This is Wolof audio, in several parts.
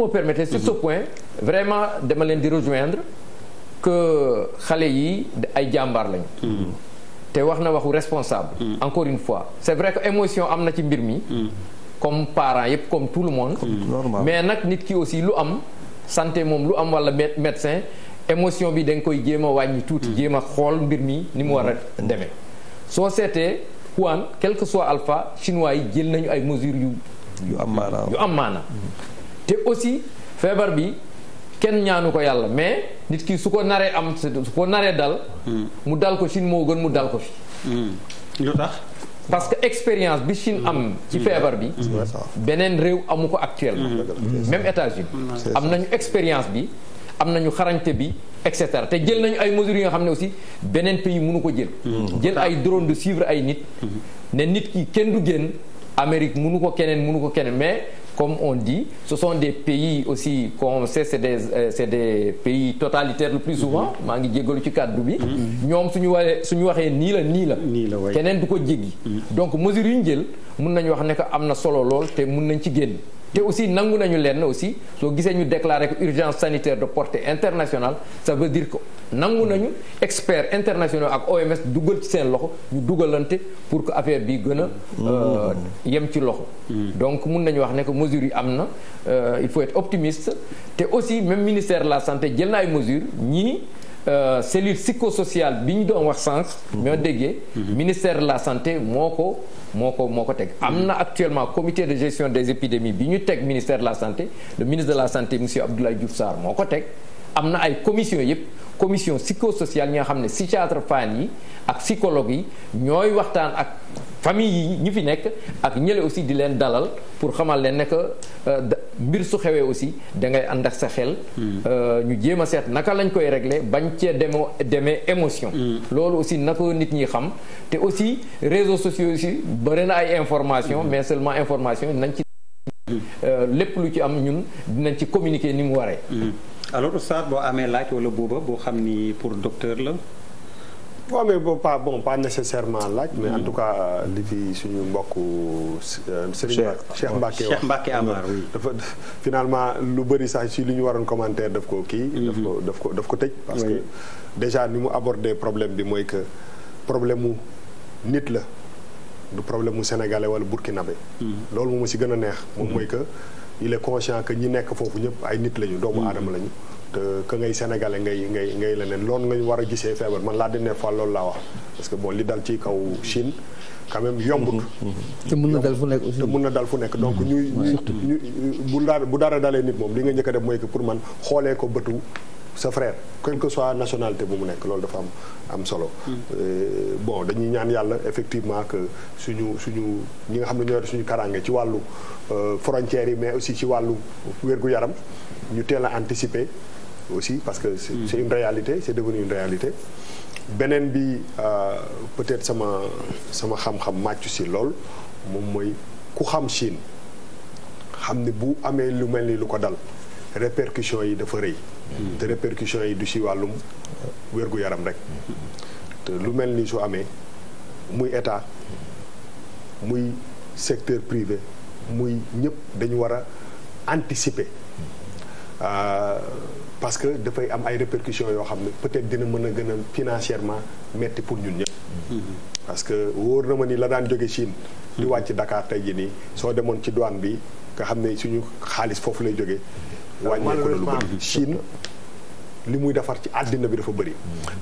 vous me permettez sur ce mhm. point vraiment dama leen di rejoindre que xale yi ay jàmbaar lañ mhm. te wax na waxu responsable mhm. encore une fois c'est vrai que émotion am na ci mbir mi comme parent yëpp comme tout le monde mais nag nit ki aussi lu am santé moom lu am walla médecin émotion bi da koy jéem a wàññi tuuti jéem a xool mbir mi ni mu war a demee soo seetee Wuhan quelque que soit alpha chinois yi jël nañu ay mesures yu am maana te aussi feebar bi kenn ñaanu ko yàlla mais nit ki su ko naree am su ko naree dal. mu dal ko Chine moo gën mu dal ko fi. Hmm. parce que expérience bi Chine am. ci hmm. feebar bi. Hmm. beneen réew amu ko actuellement. même États-Unis am nañu expérience bi am nañu xarañte bi et cetera te jël nañu ay mesures yi nga xam ne aussi beneen pays mënu ko jël. jël ay drone de suivre ay nit. ne nit ki kenn du génn Amérique mënu ko keneen mënu ko keneen mais. comme on dit, ce sont des pays aussi qu'on sait c'est des euh, c'est des pays totalitaires le plus souvent mhm. maa ngi jégalu ci kàddu bi mhm. ñoom suñu waxee suñu waxee nii la nii la keneen du ko jéggi mhm. donc mesure yu ñu jël mun nañu wax ne que am na solo lool te mun nañ ci génn te aussi nangu nañu leen aussi soo gisee ñu déclaré que urgence sanitaire de portée internationale ça veut dire ko nangu nañu experts internationaux ak OMS dugal ci seen loxo ñu dugalante pour que affaire bii gën a. Euh, yem ci loxo. donc mun nañu wax ne que mesures yi am na euh, il faut être optimiste te aussi même ministère la santé jël na ay mesures ñii. Euh, cellule psychosociale bi ñu doon wax sànq. ñoo mhm. déggee. Mhm. ministère de la santé moo ko moo ko moo ko teg. Ah am na actuellement comité de gestion des épidémies bi ñu teg ministère de la santé le ministre de la santé monsieur Abdoulaye Diouf moo ko teg am na ay commission yëpp. commission psychosociale ñi xam ne psychiatre fan yi ak psychologue yi ñooy waxtaan ak famille yi ñi fi nekk ak ñële aussi di leen dalal pour xamal leen ne euh, mbir su xewee aussi da ngay ànd ak sa xel. Hmm. Euh, ñu jéem a seet naka lañ koy régle bañ cee demoo demee émotion. Hmm. loolu aussi naka nit ñi xam te aussi réseaux sociaux si bëri na ay information hmm. mais seulement information nañ ci. Euh, lépp lu ci am ñun dinañ ci communiqué ni mu waree. alors Oustaz boo amee laaj wala booba boo xam ni pour docteur la. waaw mais bon pas bon pas nécessairement laaj. mais en tout cas li fi suñu mbokku euh, Serigne Cheikh Mbacké wax Cheikh Mbacké dafa finalement lu bëri sax si li ñu waroon commentaire daf ko kii. daf mhm. ko daf ko daf ko tëj. parce que déjà ni mu aborder problème bi mooy que problème mu nit la du problème mu sénégalais wala burkinabé. Mhm. loolu moom si gën a neex. moom mhm. mooy que il est conscient que ñi nekk foofu ñëpp ay nit lañu doomu aadama lañu. que que ngay sénégalais ngay ngay ngay leneen loolu nga ñu war a gisee feebar man laa dernière fois loolu laa wax parce que bon li dal ci kaw Chine quand même yombut. Mm-hmm. Mm-hmm. te mun na dal fu nekk te mun na dal fu nekk donc ñuy. Mm-hmm. ñu bu dara bu dara dalee nit moom li nga njëkk a def mooy que pour man xoolee ko bëtu sa frère quelle que soit nationalité bu mu nekk loolu dafa am am solo. Euh, bon dañuy ñaan yàlla effectivement que suñu suñu ñi nga xam ne ñoo suñu karange ci wàllu euh, frontières yi mais aussi ci wàllu wér yaram ñu teel a anticiper. aussi parce que c'est mm. une réalité c'est devenu une réalité beneen bi euh, peut-être sama sama xam-xam màccu si lool moom mooy ku xam Chine xam ne bu amee lu mel ni lu ko dal répercussions yi dafa rëy te répercussions yi du si wàllum wér-gu-yaram rek te lu mel ni su amee muy état muy secteur privé muy ñëpp dañu war a anticiper. Euh, parce que dafay am ay répercussions yoo xam ne peut-être dina mën a gën financièrement metti pour ñun ñëpp. parce que wóor na ma ni la daan jóge Chine. di wàcc Dakar tey jii nii soo demoon ci douane bi nga xam ne suñu xaalis foofu lay jógee. wàññeeku na lu bëri Chine li muy defar ci àddina bi dafa bëri.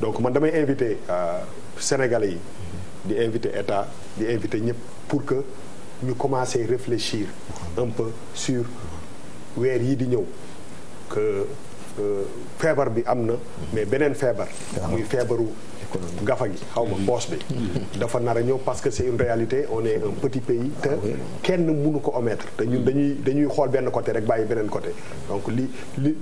donc man damay invité euh, Sénégalais yi. di invité état di invité ñëpp pour que ñu commencer réfléchir un peu sur weer yii di ñëw feebar bi am na mais beneen feebar muy feebaru gafa gi xaw ma poos bi dafa nar a ñëw parce que c'est une réalité on est un petit pays te ah kenn mënu ko ometre te ñun dañuy dañuy xool benn côté rek bàyyi beneen côté donc li li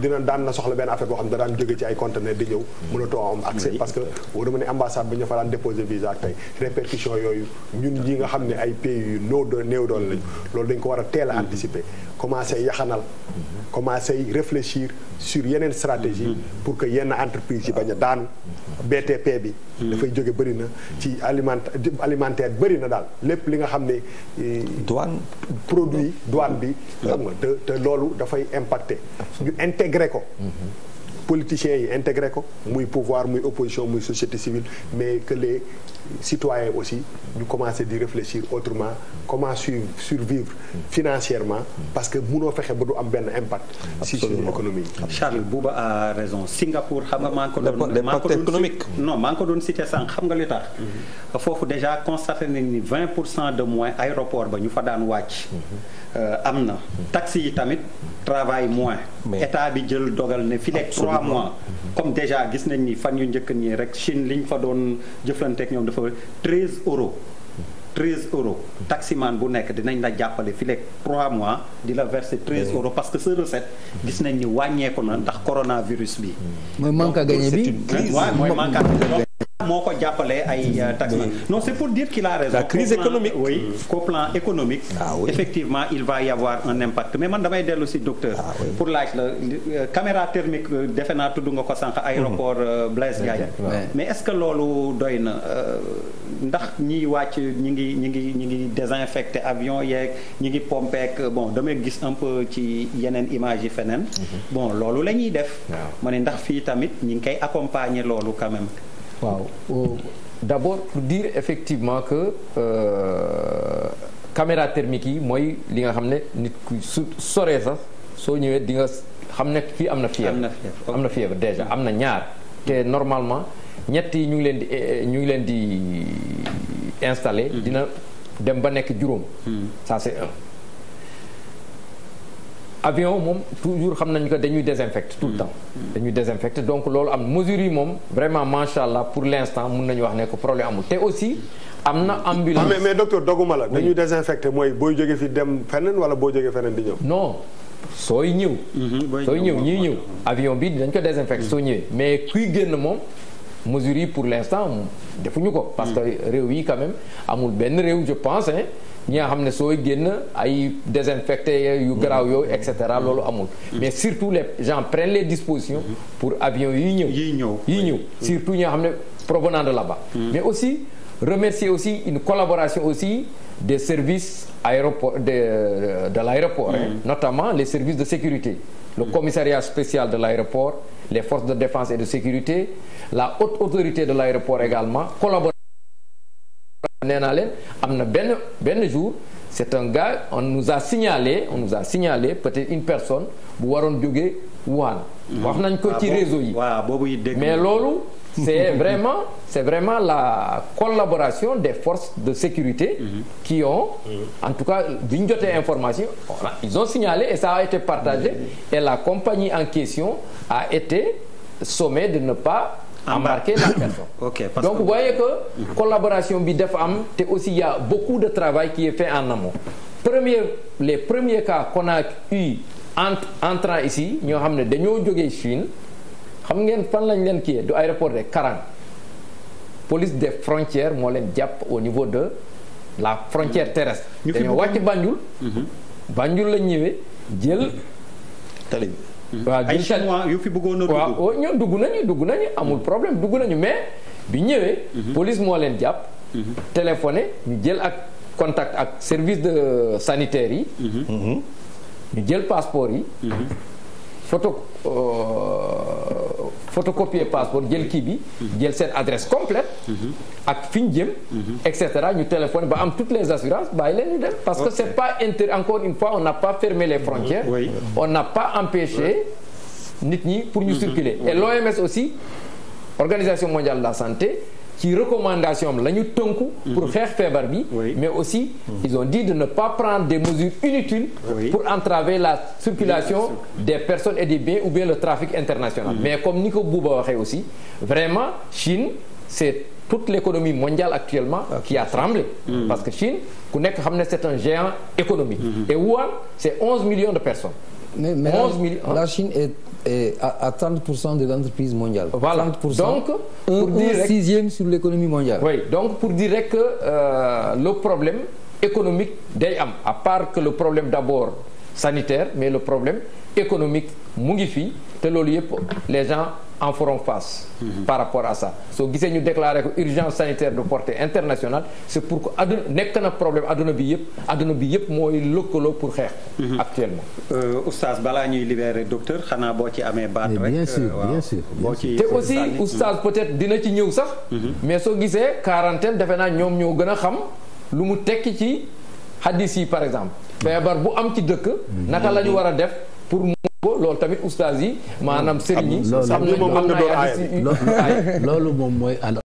dina daan na soxla benn affaire boo xam ne daan jóge ci ay conteneur di ñëw mënatoo am accès parce que wara mu ne ambassade bi ñu fa daan déposer visa tey répercussion yooyu ñun ñi nga xam ne ay pays yu néew doole lañ loolu dañ ko war a teel a anticiper commencé yaxanal commencé réfléchir sur yeneen stratégie pour que yenn entreprise yi bañ a daanu BTP bi dafay jóge bëri na ci aliment alimentaire bëri na daal lépp li nga xam ne eh, douane produit douane bi xam nga te te loolu dafay impacté ñu intégré ko mhm. politiciens yi intégré ko muy pouvoir muy opposition muy société civile mais que citoyens aussi ñu commencer di réfléchir autrement comment suivre survivre financièrement parce que mënoo fexe ba du am benn impact si suñu économie Charles Bouba a raison Singapour xam nga maa ngi ko doon maa ngi ko économique non maa ngi ko doon cité sànq xam nga li tax mhm. foofu déjà constaté nañ ni vingt pour cent de mois aéroport ba ñu fa daan wàcc euh, am na mhm. taxi yi tamit travail moins état bi jël dogal ne fi nekk trois mois comme déjà gis nañ ni fan yu njëkk ñi rek Chine li ñu fa doon jëflanteeg ñoom dafa 13 euros. 13 euros taximan bu nekk dinañ la jàppale fi leeg mois di la verser 13 euros parce que sa recette gis nañ ni wàññeeku na ndax coronavirus bi. mooy manque à gagner bi. moo ko jàppale ay mm. euh, taxes mm. non c'est pour dire qu'il a raison. la crise économique oui mm. qu'au plan économique. Ah effectivement il va y avoir un impact mais man damay dellu si docteur. Ah pour laaj la euh, caméra thermique euh, defe naa tudd nga ko sànq. Mm-hmm. aéroport Blaise Diagne. mais est-ce que loolu doy na ndax ñi wàcc ñi ngi ñi ngi ñi ngi désinfecté avion yeeg ñi ngi pompé ak bon damay gis un peu ci yeneen image yi feneen. Mm-hmm. bon loolu la ñuy def. ma ne ndax fii tamit ñi ngi koy accompagner loolu quand waaw euh, d'abord pour dire effectivement que euh, caméra thermique yi mooy li nga xam ne nit ku su soree sax soo ñëwee di nga xam ne kii am na fièvre am na fièvre déjà am na ñaar te normalement ñett ñu ngi leen di eh, eh, ñu ngi leen di installé hmm. dina dem ba nekk juróom hmm. ça c'est un avion moom toujours xam nañ que dañuy désinfecte tout le mm. temps dañuy désinfecte donc loolu am mesures yi moom vraiment macha allah pour l' instant mun nañu wax ne que problème amul te aussi am na ambulance ah, mais mais docteur doguma la dañuy désinfecté mooy booy jógee fi dem feneen wala boo jógee feneen di ñëw non sooy ñëw mm-hmm, sooy ñëw ñuy ñëw avion bi dañ ko désinfecté soo ñëwee mm-hmm. mais kuy génn moom mesures yi pour l' instant defuñu ko parce mm. que réew yi quand même amul benn réew je pense ñi nga xam ne sooy génn ay désinfecté yu garaaw mm-hmm. yooyu et cetera mm-hmm. loolu amul. Mm-hmm. mais surtout les gens prennent les dispositions. pour avions yi ñëw. yi ñëw yi ñëw surtout ñi nga xam ne provenant de là ba mais aussi remercie aussi une collaboration aussi des services aéroport de euh, de l'aéroport. notamment les services de sécurité. le commissariat spécial de l'aéroport les forces de défense et de sécurité la haute autorité de l'aéroport également collaborer nee naa leen am na benn benn jour c'est un ga on nous a signalé on nous a signalé peut-être une personne bu waroon jógee waan wax nañ ko ci ah réseau yi mais loolu vraiment c'est vraiment la collaboration des forces de sécurité mhm. qui ont mhm. en tout cas bi ñu jotee information ils ont signalé et ça a été partagé mhm. et la compagnie en question a été sommée de ne pas embarquer la personne. donc que... vous collaboration bi dafa am te aussi il y beaucoup de travail qui est fait en amont. premier les premiers cas qu'on a eu en entrant ici ñoo xam ne dañoo jógee Chine xam ngeen fan lañ leen kii du aéroport de Karang police des frontières moo leen jàpp au niveau de la frontière terrestre. dañoo wàcc Banjul. Mhm. Banjul lañ ñëwee jël bi Mm-hmm. waaw ay chinois yu fi bëggoon a dugg oh, dugg nañu dugg nañu amul problème dugg nañu mais bi ñëwee. Mm-hmm. police moo leen jàpp. Mm-hmm. téléphoné ñu jël ak contact ak service de sanitaire yi. ñu jël passeport yi. photo. Euh, photocopier passeport jël kii bi. jël seen adresse complète. ak fi ñu jëm. et cetera ñu téléphone ba am toutes les assurances bàyyi leen ñu dem. parce que c'est pas inter encore une fois on n'a pas fermé les frontières. on n'a pas empêché nit ñi pour ñu mhm. circuler. et l'OMS aussi organisation mondiale de la santé. ci recommandation am la ñu tënku pour mhm. xeex feebar bi mais aussi mhm. ils ont dit de ne pas prendre des mesures inutiles pour entraver la circulation des personnes et des biens ou bien le trafic international mhm. mais comme ni ko Bouba waxee aussi vraiment Chine c'est toute l'économie mondiale actuellement ah, qui a tremblé parce que Chine ku nekk xam ne c'est un géant économique et Wuhan c'est 11 de personnes mais mais 11 à, à 30% de l'entreprise mondiale. Voilà. 30%, donc, un, pour dire un sixième sur l'économie mondiale. Oui, donc pour dire que euh, le problème économique day am à part que le problème d'abord sanitaire mais le problème économique mu ngi fii te loolu yëpp les gens en feront face mhm. par rapport à ça soo gisee ñu déclaré ko urgence sanitaire de portée internationale c'est pour que adduna nekk na problème adduna bi yëpp adduna bi yëpp mooy lëkkaloo pour xeex mhm. actuellement euh, oustaz balaa ñuy libérer docteur xanaa boo ci amee baat rek euh, bien sûr bien sûr boo te aussi oustaz mhm. peut dina ci ñëw sax mais soo gisee quarantaine defe naa ñoom ñoo gën a xam lu mu tekki ci hadis yi par exemple feebar bu am ci dëkk naka la ñu def pour loolu tamit oustaz yi maanaam selli yi. loolu moom mën na doon aay loolu moom mooy